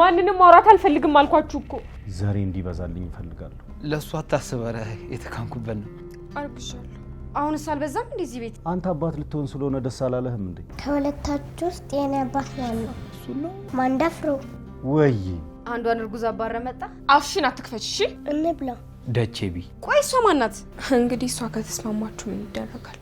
ማንንም ማውራት አልፈልግም አልኳችሁ እኮ። ዛሬ እንዲበዛልኝ እፈልጋለሁ። ለእሱ አታስበረ የተካንኩበት ነው። አርግሻለሁ። አሁንስ አልበዛም? እንደዚህ ቤት አንተ አባት ልትሆን ስለሆነ ደስ አላለህም እንዴ? ከሁለታችሁ ውስጥ የኔ አባት ያለው እሱ ነው። ማንዳፍሮ ወይ አንዷን እርጉዝ አባረ መጣ። አፍሽን አትክፈች። እሺ እንብላ ደቼቢ። ቆይ እሷ ማናት? እንግዲህ እሷ ከተስማማችሁ ምን ይደረጋል?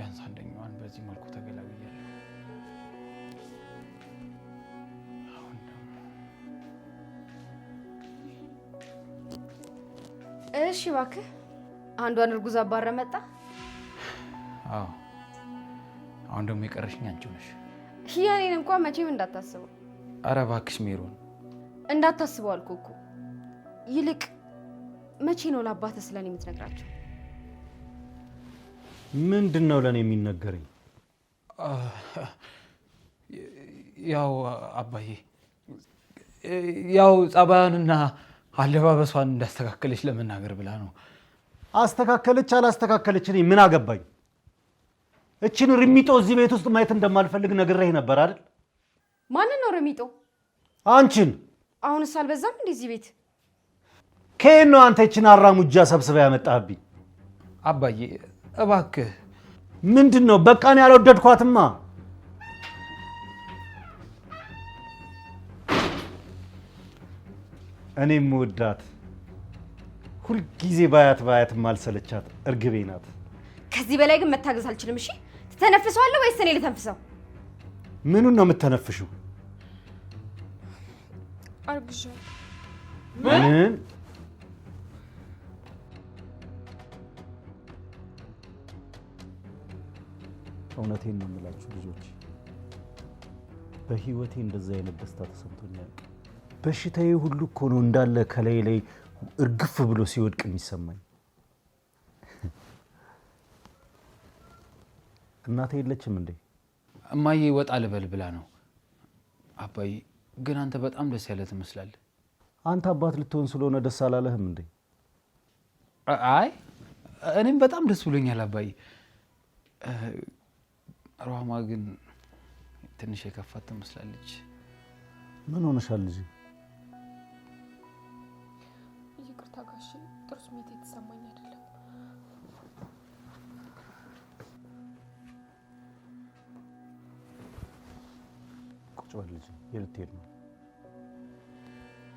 ቢያንስ አንደኛዋን በዚህ መልኩ ተገላግያለሁ። አሁን ደግሞ እሺ፣ እባክህ አንዷን እርጉዝ አባረ መጣ። አዎ፣ አሁን ደግሞ የቀረሽኝ አንቺ ነሽ። የእኔን እንኳን መቼም እንዳታስበው። አረ እባክሽ ሜሮን፣ እንዳታስበው አልኩህ እኮ። ይልቅ መቼ ነው ለአባትህ ስለኔ የምትነግራቸው? ምንድን ነው ለእኔ የሚነገረኝ? ያው አባዬ፣ ያው ጸባያንና አለባበሷን እንዳስተካከለች ለመናገር ብላ ነው። አስተካከለች አላስተካከለች እኔ ምን አገባኝ? እችን ርሚጦ እዚህ ቤት ውስጥ ማየት እንደማልፈልግ ነግሬህ ነበር አይደል? ማንን ነው ርሚጦ? አንቺን። አሁንስ አልበዛም እንዴ? እዚህ ቤት ከየት ነው አንተ እችን አራሙጃ ሰብስባ ያመጣህብኝ? አባዬ እባክህ ምንድን ነው? በቃ እኔ ያልወደድኳትማ። እኔም ወዳት ሁልጊዜ ባያት ባያት ማልሰለቻት እርግቤ ናት። ከዚህ በላይ ግን መታገዝ አልችልም። እሺ ትተነፍሰዋለህ ወይስ እኔ ልተንፍሰው? ምኑን ነው የምተነፍሽው? አርግዣ ምን እውነቴን ነው የምላችሁ ልጆች፣ በህይወቴ እንደዚህ አይነት ደስታ ተሰምቶኛል። በሽታዬ ሁሉ እኮ ነው እንዳለ ከላይ ላይ እርግፍ ብሎ ሲወድቅ የሚሰማኝ። እናቴ የለችም እንዴ? እማዬ ወጣ ልበል ብላ ነው። አባዬ ግን አንተ በጣም ደስ ያለ ትመስላለህ። አንተ አባት ልትሆን ስለሆነ ደስ አላለህም እንዴ? አይ እኔም በጣም ደስ ብሎኛል አባዬ ሩሃማ ግን ትንሽ የከፋት ትመስላለች። ምን ሆነሻል ልጄ? ይቅርታ ጋሽ፣ ጥሩ ስሜት የተሰማኝ አይደለም። ቁጭ በል ልጄ፣ የልትሄድ ነው?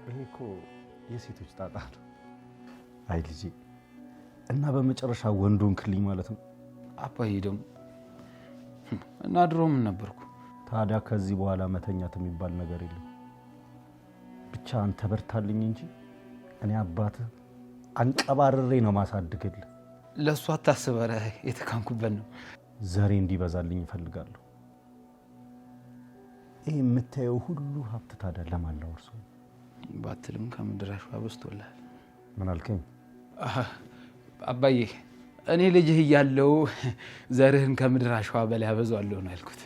ይሄ እኮ የሴቶች ጣጣ ነው። አይ ልጅ እና በመጨረሻ ወንዱን ክልኝ ማለት ነው አባዬ ደግሞ እና ድሮ ምን ነበርኩ ታዲያ? ከዚህ በኋላ መተኛት የሚባል ነገር የለም። ብቻ አንተ በርታልኝ እንጂ እኔ አባት አንቀባርሬ ነው ማሳድግል ለእሱ አታስበረ የተካንኩበት ነው። ዘሬ እንዲበዛልኝ ይፈልጋሉ ይህ የምታየው ሁሉ ሀብት ታዲያ ለማላው ላወርሰው? ባትልም ከምድራሿ በዝቶልሃል። ምን አልከኝ አባዬ? እኔ ልጅህ እያለው ዘርህን ከምድር አሸዋ በላይ አበዛዋለሁ ነው ያልኩት።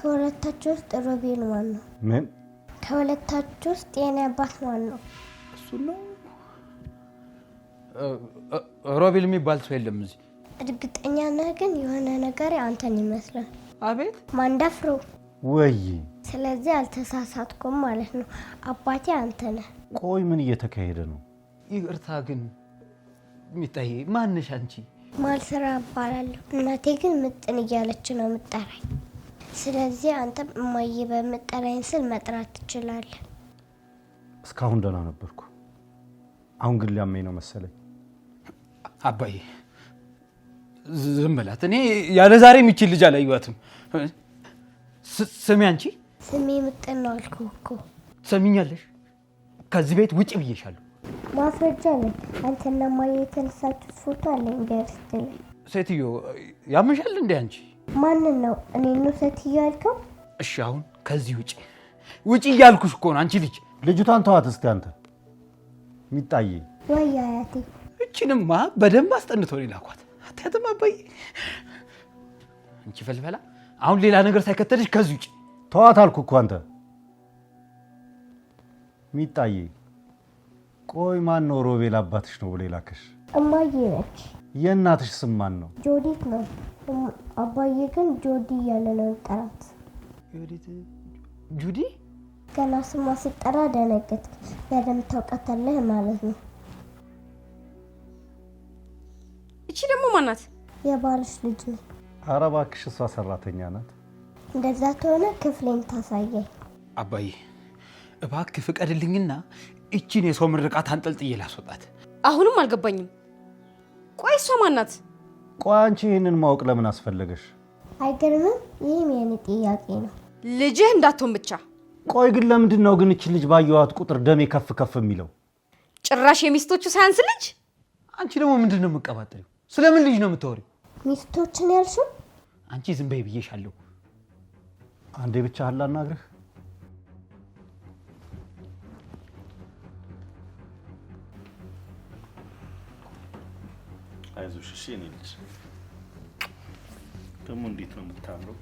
ከሁለታችሁ ውስጥ ሮቤል ማን ነው? ምን? ከሁለታችሁ ውስጥ የኔ አባት ማን ነው? እሱ ነው። ሮቤል የሚባል ሰው የለም እዚህ እርግጠኛ ነህ ግን የሆነ ነገር አንተን ይመስላል። አቤት ማንዳፍሮ ወይ ስለዚህ አልተሳሳትኩም ማለት ነው። አባቴ አንተ ነህ። ቆይ ምን እየተካሄደ ነው? ይቅርታ ግን ሚጣዬ ማንሽ አንቺ? ማልስራ እባላለሁ። እናቴ ግን ምጥን እያለች ነው ምጠራኝ። ስለዚህ አንተ እማዬ በምጠራኝ ስል መጥራት ትችላለህ። እስካሁን ደህና ነበርኩ። አሁን ግን ሊያመኝ ነው መሰለኝ አባዬ ዝም በላት። እኔ ያለ ዛሬ የሚችል ልጅ አላየኋትም። ስሚ አንቺ፣ ስሜ ምጥን ነው አልኩህ እኮ ትሰሚኛለሽ? ከዚህ ቤት ውጭ ብዬሻለሁ። ማስረጃ ነ አንተና ማየ የተነሳችሁት ፎቶ አለ ገርስት ላይ ሴትዮ ያመሻል እንዴ? አንቺ ማንን ነው? እኔ ነው ሴትዮ ያልከው? እሺ አሁን ከዚህ ውጭ ውጭ እያልኩሽ እኮ ነው። አንቺ ልጅ ልጅቷን ተዋት እስኪ። አንተ ሚጣዬ ወይ አያቴ፣ እችንማ በደንብ አስጠንቶ ሌላኳት አታያትም አባዬ። አንቺ ፈልፈላ፣ አሁን ሌላ ነገር ሳይከተልሽ ከዚህ ውጭ ተዋት አልኩ እኮ አንተ ሚጣዬ። ቆይ ማን ነው ሮቤል? አባትሽ ነው ብሎ የላከሽ? እማዬ ነች። የእናትሽ ስም ማን ነው? ጆዲት ነው። አባዬ ግን ጆዲ እያለ ነው ጠራት። ጆዲ ገና ስማ ሲጠራ ደነገጥክ። በደምብ ታውቃታለህ ማለት ነው ማናት? የባልሽ ልጅ። ኧረ እባክሽ እሷ ሰራተኛ ናት። እንደዛ ከሆነ ክፍሌን ታሳየ። አባዬ እባክህ ፍቀድልኝና እችን የሰው ምርቃት አንጠልጥዬ ላስወጣት። አሁንም አልገባኝም። ቆይ እሷ ማናት? ቆይ አንቺ ይህንን ማወቅ ለምን አስፈለገሽ? አይገርምም። ይህም የኔ ጥያቄ ነው። ልጅህ እንዳትሆን ብቻ። ቆይ ግን ለምንድን ነው ግን እችን ልጅ ባየኋት ቁጥር ደሜ ከፍ ከፍ የሚለው? ጭራሽ የሚስቶቹ ሳያንስ ልጅ። አንቺ ደግሞ ምንድን ነው የምቀባጥሪው? ስለምን ልጅ ነው የምታወሪው? ሚስቶችን ያልሽው? አንቺ ዝም በይ ብዬሻለሁ። አንዴ ብቻ አላናግርህ። አይዞሽ እሺ። እኔ ልጅ ደግሞ እንዴት ነው የምታምረው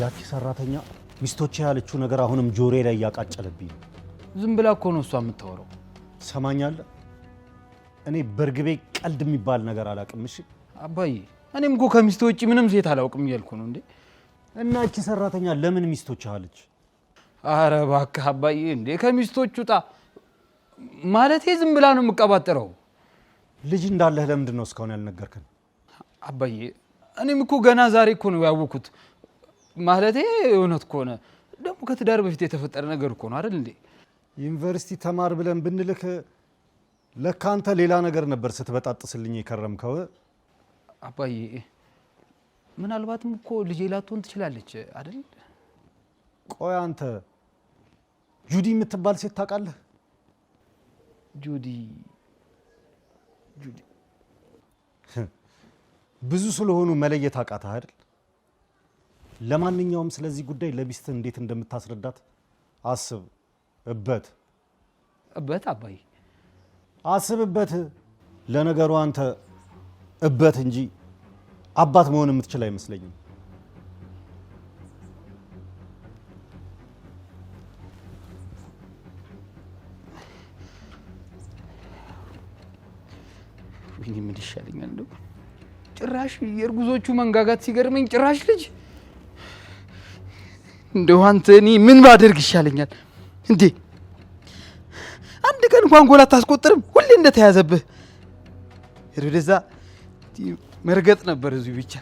ያቺ ሰራተኛ ሚስቶቼ ያለችው ነገር አሁንም ጆሬ ላይ እያቃጨለብኝ ነው። ዝም ብላ እኮ ነው እሷ የምታወራው። ሰማኛለ እኔ በእርግቤ ቀልድ የሚባል ነገር አላውቅም። እሺ አባዬ፣ እኔም እኮ ከሚስት ውጭ ምንም ሴት አላውቅም እያልኩ ነው እንዴ። እና እቺ ሰራተኛ ለምን ሚስቶች አለች? አረ እባክህ አባዬ፣ እንዴ ከሚስቶች ውጣ ማለቴ ዝም ብላ ነው የምቀባጠረው። ልጅ እንዳለህ ለምንድን ነው እስካሁን ያልነገርክን? አባዬ፣ እኔም እኮ ገና ዛሬ እኮ ነው ያወኩት። ማለቴ እውነት ከሆነ ደግሞ ከትዳር በፊት የተፈጠረ ነገር እኮ ነው አይደል እንዴ? ዩኒቨርሲቲ ተማር ብለን ብንልክ ለካ አንተ ሌላ ነገር ነበር ስትበጣጥስልኝ የከረምከው። አባዬ ምናልባትም እኮ ልጄ ላትሆን ትችላለች አይደል? ቆይ አንተ ጁዲ የምትባል ሴት ታውቃለህ? ጁዲ ጁዲ ብዙ ስለሆኑ መለየት አቃተህ አይደል? ለማንኛውም ስለዚህ ጉዳይ ለሚስት እንዴት እንደምታስረዳት አስብ እበት እበት አባይ አስብበት። ለነገሩ አንተ እበት እንጂ አባት መሆን የምትችል አይመስለኝም። ወይኔ ምን ይሻለኛል? ጭራሽ የእርጉዞቹ መንጋጋት ሲገርመኝ ጭራሽ ልጅ እንደው አንተ እኔ ምን ባደርግ ይሻለኛል እንዴ? አንድ ቀን እንኳን ጎል አታስቆጥርም። ሁሌ እንደተያዘብህ ወደዛ መርገጥ ነበር እዚሁ ብቻ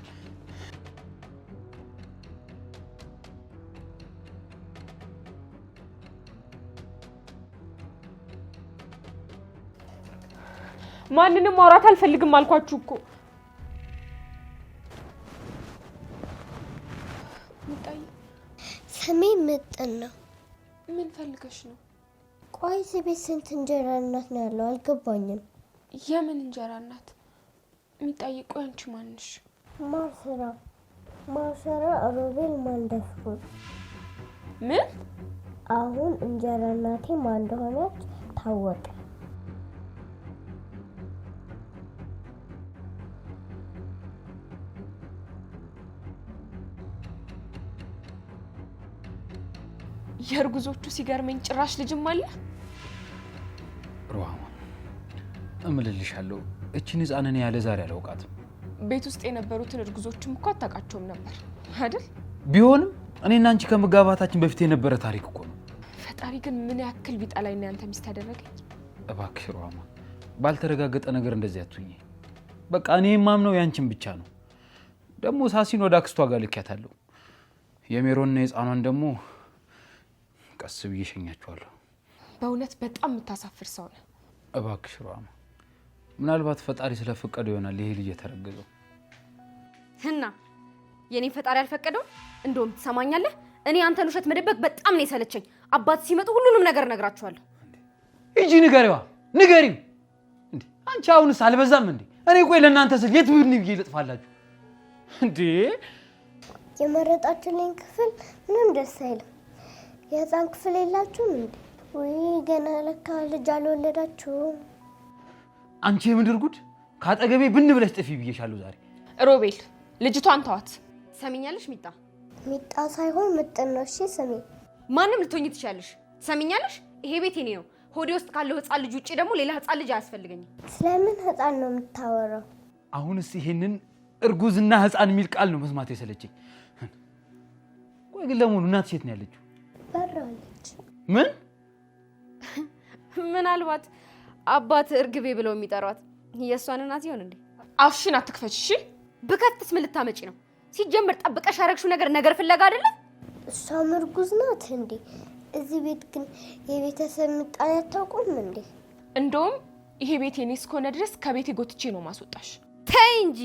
ማንንም ማውራት አልፈልግም አልኳችሁ እኮ ልሰጠን ነው። ምን ፈልገሽ ነው? ቆይ ቤት ስንት እንጀራ እናት ነው ያለው? አልገባኝም። የምን እንጀራ እናት የሚጠይቀው አንቺ ማንሽ? ማሰራ ማሰራ ሮቤል ማንደፍኩት ምን አሁን እንጀራ እናቴ ማን እንደሆነች ታወቀ። የእርጉዞቹ ሲገርመኝ ጭራሽ ልጅም አለ። ሩሃማ እምልልሻለሁ፣ እችን ህፃንን ያለ ዛሬ አላውቃትም። ቤት ውስጥ የነበሩትን እርጉዞችም እኮ አታውቃቸውም ነበር አይደል? ቢሆንም እኔና አንቺ ከመጋባታችን በፊት የነበረ ታሪክ እኮ ነው። ፈጣሪ ግን ምን ያክል ቢጣ ላይ ነው ያንተ ሚስት ያደረገኝ። እባክሽ ሩሃማ፣ ባልተረጋገጠ ነገር እንደዚህ አትሁኝ። በቃ እኔ የማምነው ያንቺን ብቻ ነው። ደግሞ ሳሲን ወደ አክስቷ ጋር ልኪያታለሁ። የሜሮንና የህፃኗን ደግሞ ቀስ ብዬ እሸኛችኋለሁ። በእውነት በጣም የምታሳፍር ሰው ነው። እባክሽ ሩሃማ፣ ምናልባት ፈጣሪ ስለፈቀዱ ይሆናል ይሄ ልጅ የተረገዘው። እና የኔ ፈጣሪ አልፈቀደው። እንደውም ትሰማኛለህ፣ እኔ አንተን ውሸት መደበቅ በጣም ነው የሰለቸኝ። አባት ሲመጡ ሁሉንም ነገር እነግራችኋለሁ። ሂጂ ንገሪዋ፣ ንገሪው። እንዴ አንቺ አሁንስ አልበዛም እንዴ? እኔ ቆይ ለእናንተ ስል የት ብን ብዬ ልጥፋላችሁ እንዴ? የመረጣችሁልኝ ክፍል ምንም ደስ አይልም። የህፃን ክፍል የላችሁም እንዴ? ወይ ገና ለካ ልጅ አልወለዳችሁም። አንቺ የምድር ጉድ ከአጠገቤ ብን ብለሽ ጥፊ ብዬሻለሁ ዛሬ። ሮቤል ልጅቷን ተዋት። ሰሚኛለሽ? ሚጣ ሚጣ ሳይሆን ምጥን ነው። እሺ ማንም ልትሆኝ ትችያለሽ። ሰሚኛለሽ? ይሄ ቤት የኔ ነው። ሆዴ ውስጥ ካለው ህፃን ልጅ ውጭ ደግሞ ሌላ ህፃን ልጅ አያስፈልገኝም። ስለምን ህፃን ነው የምታወራው? አሁንስ ይሄንን እርጉዝና ህፃን የሚል ቃል ነው መስማት የሰለችኝ። ቆይ ግን ለመሆኑ እናት ሴት ነው ያለችው? በራለች። ምን ምናልባት አባት እርግቤ ብለው የሚጠሯት የእሷን እናት ይሆን እንዴ? አፍሽን አትክፈች እሺ። ብከትስ ምን ልታመጪ ነው? ሲጀምር ጠብቀሽ ያረግሽው ነገር ነገር ፍለጋ አይደለም። እሷም እርጉዝ ናት እንዴ? እዚህ ቤት ግን የቤተሰብ ምጣኔ አታውቁም እንዴ? እንደውም ይሄ ቤት የኔ እስከሆነ ድረስ ከቤቴ ጎትቼ ነው ማስወጣሽ። ተይ እንጂ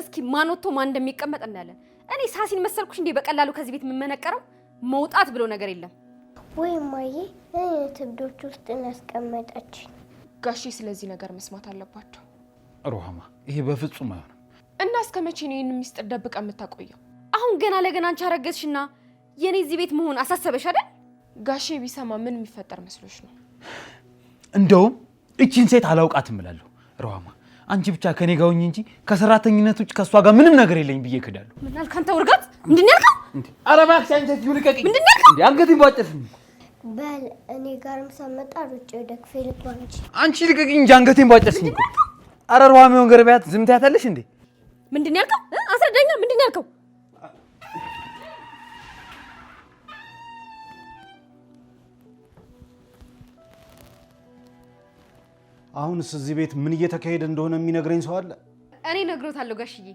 እስኪ ማን ወጥቶ ማን እንደሚቀመጥ እናያለን። እኔ ሳሲን መሰልኩሽ እንዴ በቀላሉ ከዚህ ቤት የምመነቀረው? መውጣት ብሎ ነገር የለም። ወይ ማዬ ትብዶች ውስጥ እናስቀመጠችኝ። ጋሼ ስለዚህ ነገር መስማት አለባቸው። ሮሃማ፣ ይሄ በፍጹም አይሆንም። እና እስከ መቼ ነው ይህን ሚስጥር ደብቀ የምታቆየው? አሁን ገና ለገና አንቺ አረገዝሽና የኔ እዚህ ቤት መሆን አሳሰበሽ አይደል? ጋሼ ቢሰማ ምን የሚፈጠር መስሎሽ ነው? እንደውም እቺን ሴት አላውቃትም እላለሁ ሮሃማ አንቺ ብቻ ከኔ ጋር ሆኚ እንጂ ከሰራተኝነት ውጭ ከእሷ ጋር ምንም ነገር የለኝ ብዬ እክዳለሁ። ምን አልክ አንተ ውርጋት? ምንድን ነው ያልከው? ኧረ እባክሽ አንቺ እትዬው ልቀቂኝ። ምንድን ነው ያልከው? አንገቴን ባጨስም በል እኔ ጋርም ሳመጣ ሩጭ ወደ ክፍል እንጂ አንቺ ልቀቂኝ እንጂ አንገቴን ባጨስም። ኧረ ሩሃ የሚሆን ገር ቢያት ዝም ትያታለሽ እንዴ? ምንድን ነው ያልከው? አስረዳኛ። ምንድን ነው ያልከው? አሁንስ እዚህ ቤት ምን እየተካሄደ እንደሆነ የሚነግረኝ ሰው አለ? እኔ ነግሮታለሁ ጋሽዬ።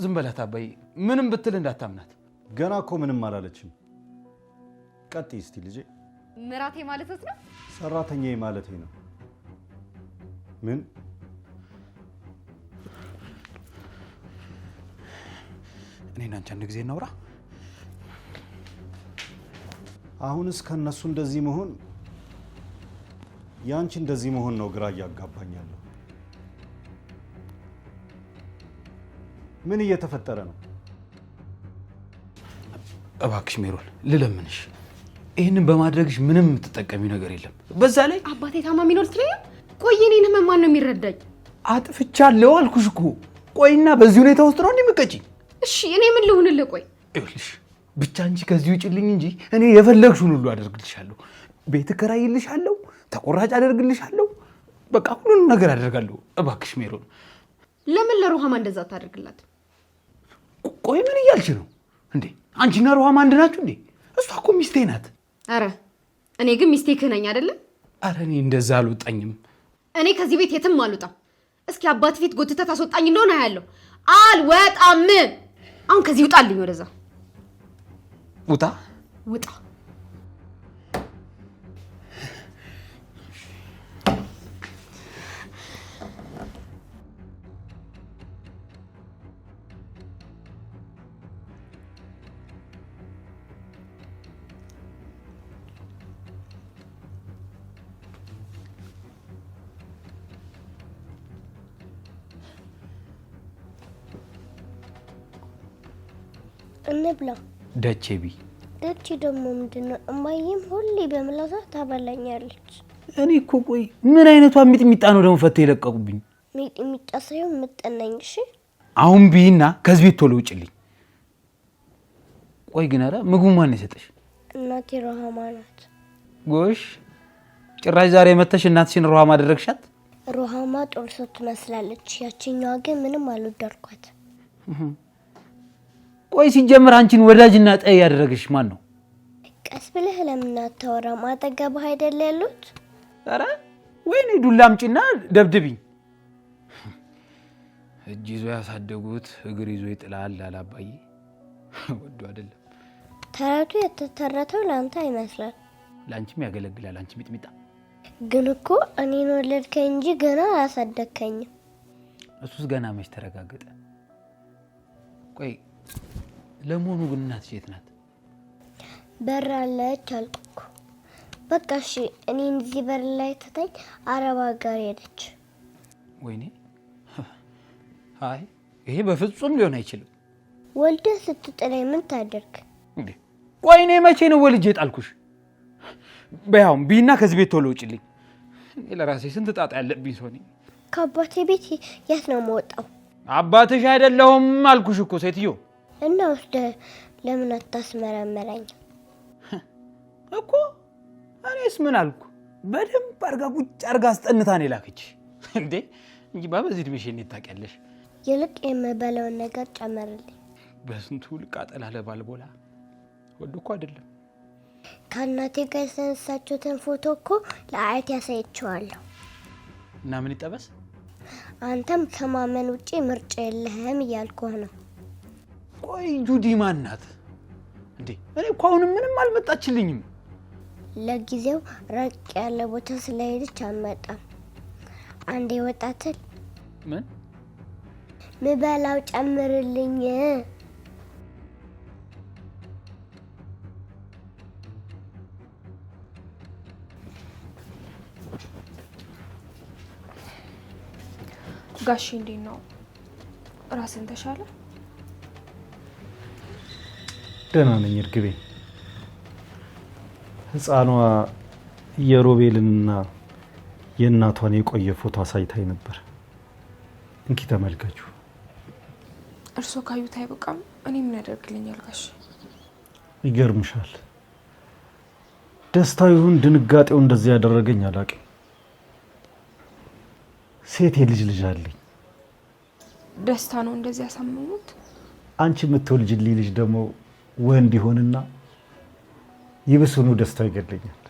ዝም በላት አባይ ምንም ብትል እንዳታምናት። ገና እኮ ምንም አላለችም። ቀጥይ እስቲ ልጄ። ምራቴ ማለት ነው ሰራተኛዬ ማለቴ ነው። ምን እኔ እና አንቺ አንድ ጊዜ እናውራ። አሁንስ ከነሱ እንደዚህ መሆን ያንቺ እንደዚህ መሆን ነው ግራ እያጋባኛለሁ። ምን እየተፈጠረ ነው? እባክሽ ሜሮን ልለምንሽ፣ ይህንን በማድረግሽ ምንም የምትጠቀሚው ነገር የለም። በዛ ላይ አባቴ ታማሚ ነው ልትለኝ። ቆይ እኔን ህመም ማን ነው የሚረዳኝ? አጥፍቻለሁ አልኩሽ እኮ። ቆይና በዚህ ሁኔታ ውስጥ ነው እንዲምቀጭ። እሺ እኔ ምን ልሁንልህ? ቆይ ይኸውልሽ፣ ብቻ እንጂ ከዚህ ውጭልኝ እንጂ እኔ የፈለግሽውን ሁሉ አደርግልሻለሁ። ቤት እከራይልሻለሁ ተቆራጭ አደርግልሻለሁ፣ በቃ ሁሉንም ነገር አደርጋለሁ። እባክሽ ሜሮን፣ ለምን ለሩሃማ እንደዛ ታደርግላት ቆይ ምን እያልሽ ነው እንዴ? አንቺና ሩሃማ አንድ ናችሁ እንዴ? እሷ እኮ ሚስቴ ናት። አረ እኔ ግን ሚስቴ ክህነኝ አይደለም። አረ እኔ እንደዛ አልወጣኝም። እኔ ከዚህ ቤት የትም አልወጣም። እስኪ አባት ፊት ጎትተት አስወጣኝ እንደሆነ አያለሁ። አልወጣም። አሁን ከዚህ ውጣልኝ፣ ወደዛ ውጣ፣ ውጣ እንብላ። ደቼ ቢ ደቼ ደግሞ ምንድነው? እማዬም ሁሌ በምላሷ ታበላኛለች። እኔ እኮ ቆይ ምን አይነቷ ሚጥሚጣ ነው ደግሞ ፈታ የለቀቁብኝ? ሚጥሚጣ ሳይሆን ምጠነኝ። እሺ አሁን ቢና ከዚህ ቤት ቶሎ ውጭልኝ። ቆይ ግን ኧረ ምግቡ ማን የሰጠሽ? እናቴ ሮሃማ ናት። ጎሽ ጭራሽ ዛሬ መተሽ እናትሽን ሮሃማ አደረግሻት? ሮሃማ ጦር ትመስላለች። ያችኛዋ ግን ምንም አልወደድኳት። ቆይ ሲጀምር አንቺን ወዳጅና ጠይ ያደረግሽ ማን ነው? ቀስ ብለህ ለምን አታወራም? አጠገብህ አይደል ያሉት? ኧረ ወይኔ ዱላ አምጪና ደብድብኝ። እጅ ይዞ ያሳደጉት እግር ይዞ ይጥላል አላባዬ ወዶ አይደለም። ተረቱ የተተረተው ለአንተ ይመስላል፣ ለአንቺም ያገለግላል። አንቺ ሚጥሚጣ ግን እኮ እኔን ወለድከኝ እንጂ ገና አላሳደግከኝም። እሱስ ገና መች ተረጋገጠ? ቆይ ለመሆኑ ግን እናት ሴት ናት? በር አለች አልኩ። በቃ እሺ፣ እኔ እዚህ በር ላይ ትተኝ አረባ ጋር ሄደች። ወይኔ! አይ ይሄ በፍጹም ሊሆን አይችልም። ወልደ ስትጥለኝ ምን ታደርግ? ወይኔ! መቼ ነው ወልጄ ጣልኩሽ? በያውም ቢና ከዚህ ቤት ቶሎ ውጭልኝ። እኔ ለራሴ ስንት ጣጣ ያለብኝ ሰው ነኝ። ከአባቴ ቤት የት ነው መወጣው? አባትሽ አይደለሁም አልኩሽ እኮ ሴትዮ። እና ወስደ ለምን አታስመረመረኝ እኮ? እኔስ ምን አልኩ? በደንብ አርጋ ቁጭ አርጋ አስጠንታ ነው የላከች እንዴ እንጂ ባ በዚህ እድሜሽ እንዴት ታውቂያለሽ? ይልቅ የምበለውን ነገር ጨመርልኝ። በስንቱ ልቃጠላ ለባልቦላ ወዶ እኮ አይደለም። ከእናቴ ጋር የተነሳችሁትን ፎቶ እኮ ለአያት ያሳይችዋለሁ። እና ምን ይጠበስ? አንተም ከማመን ውጪ ምርጫ የለህም እያልኩህ ነው። ቆይ ጁዲ ማን ናት እንዴ? እኔ እኮ አሁንም ምንም አልመጣችልኝም። ለጊዜው ራቅ ያለ ቦታ ስለሄደች አልመጣም። አንዴ ወጣትል ምን ምበላው ጨምርልኝ ጋሽ እንዴት ነው? ራስን ተሻለ? ደህና ነኝ እርግቤ። ህፃኗ የሮቤልንና የእናቷን የቆየ ፎቶ አሳይታኝ ነበር። እንኪ ተመልከቹ። እርስዎ ካዩት አይበቃም? እኔ ምን ያደርግልኛል ጋሽ? ይገርምሻል፣ ደስታ ይሁን ድንጋጤው እንደዚህ ያደረገኝ አላቂ ሴት የልጅ ልጅ አለኝ። ደስታ ነው እንደዚህ ያሳመሙት? አንቺ የምትወልጅልኝ ልጅ ደግሞ ወንድ ይሆንና ይብሱኑ ደስታ ይገለኛል።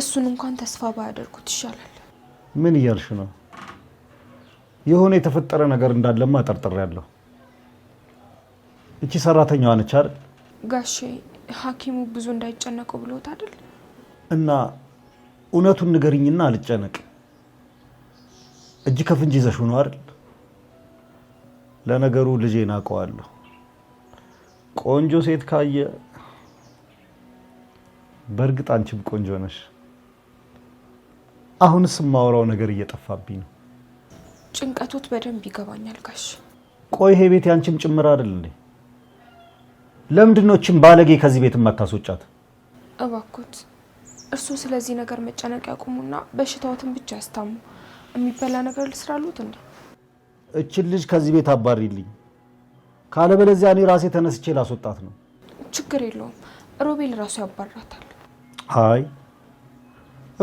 እሱን እንኳን ተስፋ ባያደርጉት ይሻላል። ምን እያልሽ ነው? የሆነ የተፈጠረ ነገር እንዳለማ ጠርጥሬያለሁ። እቺ ሰራተኛዋ ነች አይደል? ጋሼ ሐኪሙ ብዙ እንዳይጨነቁ ብሎት አይደል? እና እውነቱን ንገሪኝና አልጨነቅ። እጅ ከፍንጅ ይዘሽ ሆኖ አይደል? ለነገሩ ልጄን አውቀዋለሁ። ቆንጆ ሴት ካየ በእርግጥ አንቺም ቆንጆ ነሽ። አሁንስ የማወራው ነገር እየጠፋብኝ ነው። ጭንቀቶት በደንብ ይገባኛል ጋሽ። ቆይ ይሄ ቤት ያንቺም ጭምር አይደል እንዴ? ባለጌ ከዚህ ቤት የማታስወጫት? እባኮት እርሱ ስለዚህ ነገር መጨነቅ ያቁሙና በሽታዎትን ብቻ ያስታሙ። የሚበላ ነገር ልስራሉት እንዴ? እችን ልጅ ከዚህ ቤት አባሪልኝ። ካለበለዚያ እኔ ራሴ ተነስቼ ላስወጣት ነው። ችግር የለውም ሮቤል ራሱ ያባራታል። አይ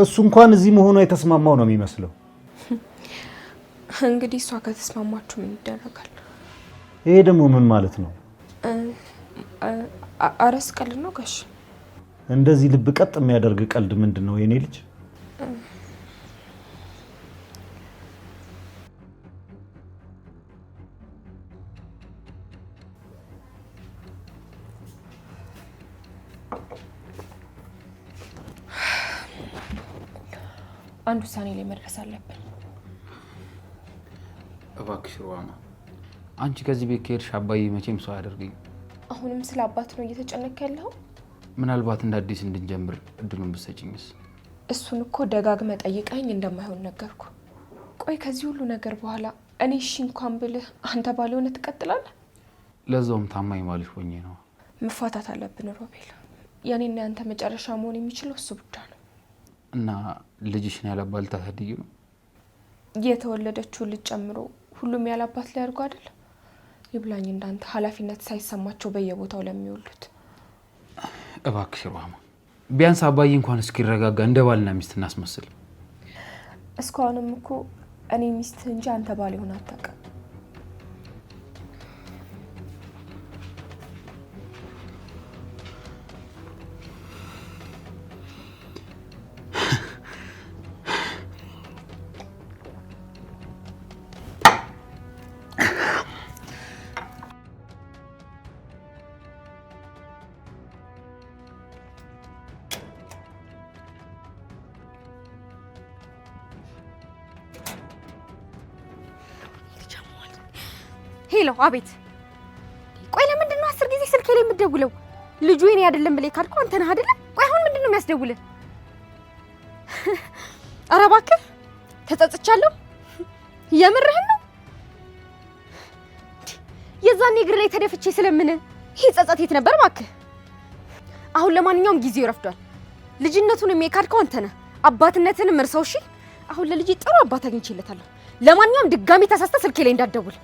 እሱ እንኳን እዚህ መሆኗ የተስማማው ነው የሚመስለው። እንግዲህ እሷ ከተስማማችሁ ምን ይደረጋል? ይሄ ደግሞ ምን ማለት ነው? አረስ ቀልድ ነው ጋሽ። እንደዚህ ልብ ቀጥ የሚያደርግ ቀልድ ምንድን ነው የኔ ልጅ? አንድ ውሳኔ ላይ መድረስ አለብን። እባክሽ ሩዋማ፣ አንቺ ከዚህ ቤት ከሄድሽ አባዬ መቼም ሰው አያደርገኝ። አሁንም ስለ አባት ነው እየተጨነቅ ያለው። ምናልባት እንደ አዲስ እንድንጀምር እድሉን ብሰጭኝስ? እሱን እኮ ደጋግመ ጠይቀኝ እንደማይሆን ነገርኩ። ቆይ ከዚህ ሁሉ ነገር በኋላ እኔ እሺ እንኳን ብልህ አንተ ባልሆነ ትቀጥላለህ። ለዛውም ታማኝ ባልሽ ሆኜ ነው። መፋታት አለብን ሮቤል። የኔና ያንተ መጨረሻ መሆን የሚችለው እሱ ብቻ ነው እና ልጅሽን ያላባል ታሳድጊ ነው የተወለደችው ልጅ ጨምሮ ሁሉም ያላባት ላይ አድርጎ አይደል? ይብላኝ እንዳንተ ኃላፊነት ሳይሰማቸው በየቦታው ለሚውሉት። እባክሽ ሩሃማ፣ ቢያንስ አባዬ እንኳን እስኪረጋጋ እንደ ባልና ሚስት እናስመስል። እስካሁንም እኮ እኔ ሚስት እንጂ አንተ ባል ይሆን አታውቅም። ሄሎ፣ አቤት። ቆይ ለምንድን ነው አስር ጊዜ ስልኬ ላይ የምትደውለው? ልጁ የኔ አይደለም ብለህ ካድኩ አንተ ነህ አይደለም? ቆይ አሁን ምንድን ነው የሚያስደውልህ? ኧረ እባክህ ተጸጽቻለሁ። የምርህን ነው? የዛኔ እግር ላይ ተደፍቼ ስለምን ይህ ጸጸት የት ነበር እባክህ? አሁን ለማንኛውም ጊዜው ረፍዷል። ልጅነቱንም የካድከው አንተ ነህ፣ አባትነትንም እርሰው። እሺ፣ አሁን ለልጅ ጥሩ አባት አግኝቼለታለሁ። ለማንኛውም ድጋሜ ተሳስተ ስልኬ ላይ እንዳትደውል።